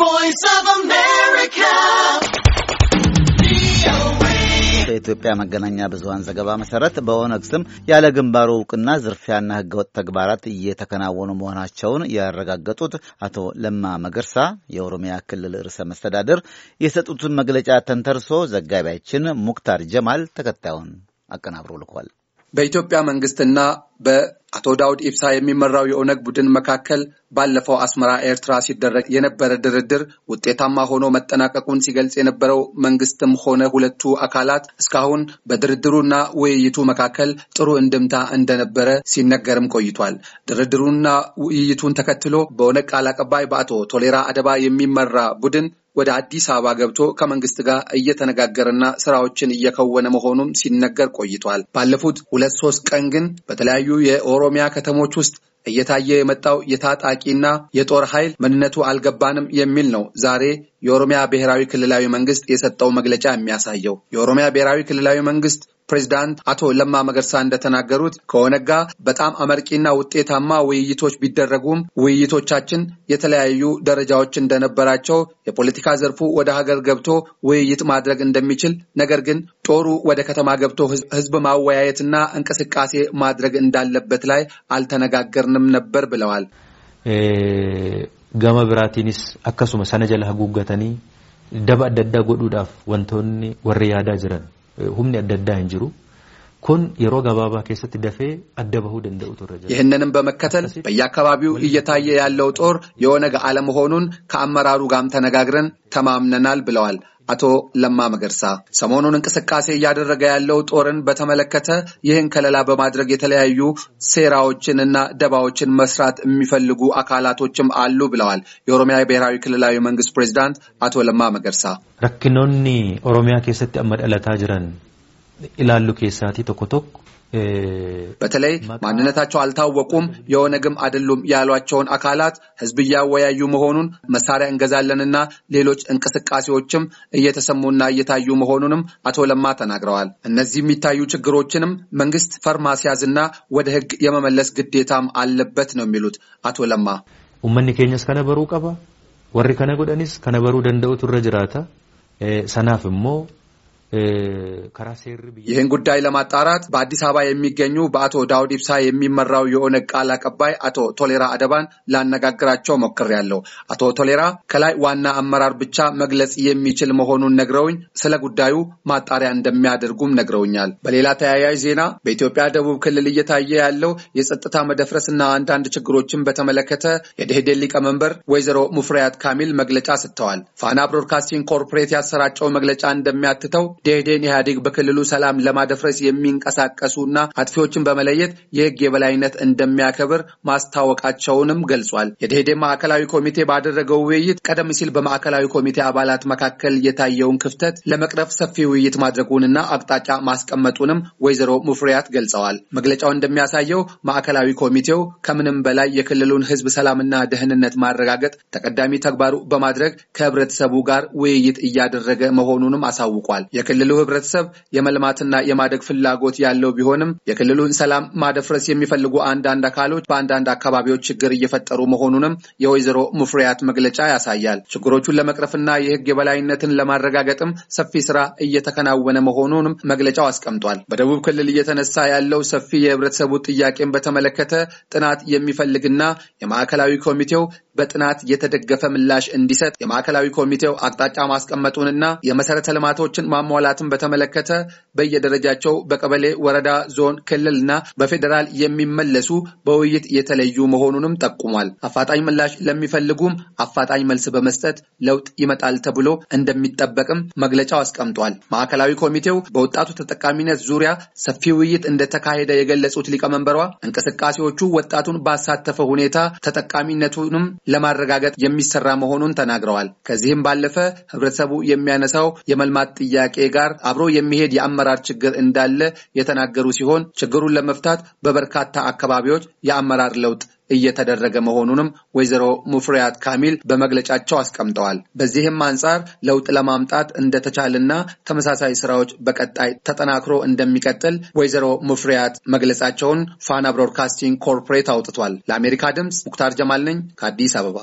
voice of America. በኢትዮጵያ መገናኛ ብዙኃን ዘገባ መሰረት በኦነግ ስም ያለ ግንባሩ እውቅና ዝርፊያና ህገወጥ ተግባራት እየተከናወኑ መሆናቸውን ያረጋገጡት አቶ ለማ መገርሳ የኦሮሚያ ክልል ርዕሰ መስተዳድር የሰጡትን መግለጫ ተንተርሶ ዘጋቢያችን ሙክታር ጀማል ተከታዩን አቀናብሮ ልኳል። በኢትዮጵያ መንግስትና በ አቶ ዳውድ ኢብሳ የሚመራው የኦነግ ቡድን መካከል ባለፈው አስመራ ኤርትራ ሲደረግ የነበረ ድርድር ውጤታማ ሆኖ መጠናቀቁን ሲገልጽ የነበረው መንግስትም ሆነ ሁለቱ አካላት እስካሁን በድርድሩና ውይይቱ መካከል ጥሩ እንድምታ እንደነበረ ሲነገርም ቆይቷል። ድርድሩና ውይይቱን ተከትሎ በኦነግ ቃል አቀባይ በአቶ ቶሌራ አደባ የሚመራ ቡድን ወደ አዲስ አበባ ገብቶ ከመንግስት ጋር እየተነጋገረና ስራዎችን እየከወነ መሆኑም ሲነገር ቆይቷል። ባለፉት ሁለት ሶስት ቀን ግን በተለያዩ የኦሮ የኦሮሚያ ከተሞች ውስጥ እየታየ የመጣው የታጣቂና የጦር ኃይል ምንነቱ አልገባንም የሚል ነው ዛሬ የኦሮሚያ ብሔራዊ ክልላዊ መንግስት የሰጠው መግለጫ የሚያሳየው። የኦሮሚያ ብሔራዊ ክልላዊ መንግስት ፕሬዚዳንት አቶ ለማ መገርሳ እንደተናገሩት ከኦነግ ጋር በጣም አመርቂና ውጤታማ ውይይቶች ቢደረጉም ውይይቶቻችን የተለያዩ ደረጃዎች እንደነበራቸው የፖለቲካ ዘርፉ ወደ ሀገር ገብቶ ውይይት ማድረግ እንደሚችል ነገር ግን ጦሩ ወደ ከተማ ገብቶ ህዝብ ማወያየትና እንቅስቃሴ ማድረግ እንዳለበት ላይ አልተነጋገርንም ነበር ብለዋል። ገመ ብራቲኒስ አከሱመ ሰነ ጉገተኒ ደባ ደዳ ጎዱዳፍ ወንቶኒ ወሪ ያዳ ጅረን humni adda addaa hin jiru kun yeroo gabaabaa keessatti dafee adda bahuu danda'u turre ይህንንም በመከተል በየአካባቢው እየታየ ያለው ጦር የኦነግ አለመሆኑን ከአመራሩ ጋርም ተነጋግረን ተማምነናል ብለዋል አቶ ለማ መገርሳ ሰሞኑን እንቅስቃሴ እያደረገ ያለው ጦርን በተመለከተ ይህን ከለላ በማድረግ የተለያዩ ሴራዎችን እና ደባዎችን መስራት የሚፈልጉ አካላቶችም አሉ ብለዋል። የኦሮሚያ ብሔራዊ ክልላዊ መንግስት ፕሬዚዳንት አቶ ለማ መገርሳ ረኪኖኒ ኦሮሚያ ኬሰት አመደለታ ጅረን ኢላሉ ኬሳቲ ቶኮቶክ በተለይ ማንነታቸው አልታወቁም የኦነግም አይደሉም ያሏቸውን አካላት ህዝብ እያወያዩ መሆኑን መሳሪያ እንገዛለንና ሌሎች እንቅስቃሴዎችም እየተሰሙና እየታዩ መሆኑንም አቶ ለማ ተናግረዋል። እነዚህ የሚታዩ ችግሮችንም መንግስት ፈር ወደ ህግ የመመለስ ግዴታም አለበት ነው የሚሉት አቶ ለማ ኡመኒ ኬኛስ ከነበሩ ቀባ ወሪ ከነጎደኒስ ከነበሩ ደንደውቱ ረጅራታ ሰናፍ ሞ ይህን ጉዳይ ለማጣራት በአዲስ አበባ የሚገኙ በአቶ ዳውድ ኢብሳ የሚመራው የኦነግ ቃል አቀባይ አቶ ቶሌራ አደባን ላነጋግራቸው ሞክሬያለሁ። አቶ ቶሌራ ከላይ ዋና አመራር ብቻ መግለጽ የሚችል መሆኑን ነግረውኝ ስለ ጉዳዩ ማጣሪያ እንደሚያደርጉም ነግረውኛል። በሌላ ተያያዥ ዜና በኢትዮጵያ ደቡብ ክልል እየታየ ያለው የጸጥታ መደፍረስ እና አንዳንድ ችግሮችን በተመለከተ የደኢህዴን ሊቀመንበር ወይዘሮ ሙፍሪያት ካሚል መግለጫ ሰጥተዋል። ፋና ብሮድካስቲንግ ኮርፖሬት ያሰራጨው መግለጫ እንደሚያትተው ደኢህዴን ኢህአዴግ በክልሉ ሰላም ለማደፍረስ የሚንቀሳቀሱና አጥፊዎችን በመለየት የህግ የበላይነት እንደሚያከብር ማስታወቃቸውንም ገልጿል። የደኢህዴን ማዕከላዊ ኮሚቴ ባደረገው ውይይት ቀደም ሲል በማዕከላዊ ኮሚቴ አባላት መካከል የታየውን ክፍተት ለመቅረፍ ሰፊ ውይይት ማድረጉንና አቅጣጫ ማስቀመጡንም ወይዘሮ ሙፍሪያት ገልጸዋል። መግለጫው እንደሚያሳየው ማዕከላዊ ኮሚቴው ከምንም በላይ የክልሉን ህዝብ ሰላምና ደህንነት ማረጋገጥ ተቀዳሚ ተግባሩ በማድረግ ከህብረተሰቡ ጋር ውይይት እያደረገ መሆኑንም አሳውቋል። የክልሉ ህብረተሰብ የመልማትና የማደግ ፍላጎት ያለው ቢሆንም የክልሉን ሰላም ማደፍረስ የሚፈልጉ አንዳንድ አካሎች በአንዳንድ አካባቢዎች ችግር እየፈጠሩ መሆኑንም የወይዘሮ ሙፍሪያት መግለጫ ያሳያል። ችግሮቹን ለመቅረፍና የህግ የበላይነትን ለማረጋገጥም ሰፊ ስራ እየተከናወነ መሆኑንም መግለጫው አስቀምጧል። በደቡብ ክልል እየተነሳ ያለው ሰፊ የህብረተሰቡ ጥያቄን በተመለከተ ጥናት የሚፈልግና የማዕከላዊ ኮሚቴው በጥናት የተደገፈ ምላሽ እንዲሰጥ የማዕከላዊ ኮሚቴው አቅጣጫ ማስቀመጡንና የመሰረተ ልማቶችን ማሟላትን በተመለከተ በየደረጃቸው በቀበሌ፣ ወረዳ፣ ዞን፣ ክልልና በፌዴራል የሚመለሱ በውይይት የተለዩ መሆኑንም ጠቁሟል። አፋጣኝ ምላሽ ለሚፈልጉም አፋጣኝ መልስ በመስጠት ለውጥ ይመጣል ተብሎ እንደሚጠበቅም መግለጫው አስቀምጧል። ማዕከላዊ ኮሚቴው በወጣቱ ተጠቃሚነት ዙሪያ ሰፊ ውይይት እንደተካሄደ የገለጹት ሊቀመንበሯ እንቅስቃሴዎቹ ወጣቱን ባሳተፈ ሁኔታ ተጠቃሚነቱንም ለማረጋገጥ የሚሰራ መሆኑን ተናግረዋል። ከዚህም ባለፈ ህብረተሰቡ የሚያነሳው የመልማት ጥያቄ ጋር አብሮ የሚሄድ የአመራር ችግር እንዳለ የተናገሩ ሲሆን ችግሩን ለመፍታት በበርካታ አካባቢዎች የአመራር ለውጥ እየተደረገ መሆኑንም ወይዘሮ ሙፍሪያት ካሚል በመግለጫቸው አስቀምጠዋል። በዚህም አንጻር ለውጥ ለማምጣት እንደተቻለና ተመሳሳይ ስራዎች በቀጣይ ተጠናክሮ እንደሚቀጥል ወይዘሮ ሙፍሪያት መግለጻቸውን ፋና ብሮድካስቲንግ ኮርፖሬት አውጥቷል። ለአሜሪካ ድምፅ ሙክታር ጀማል ነኝ ከአዲስ አበባ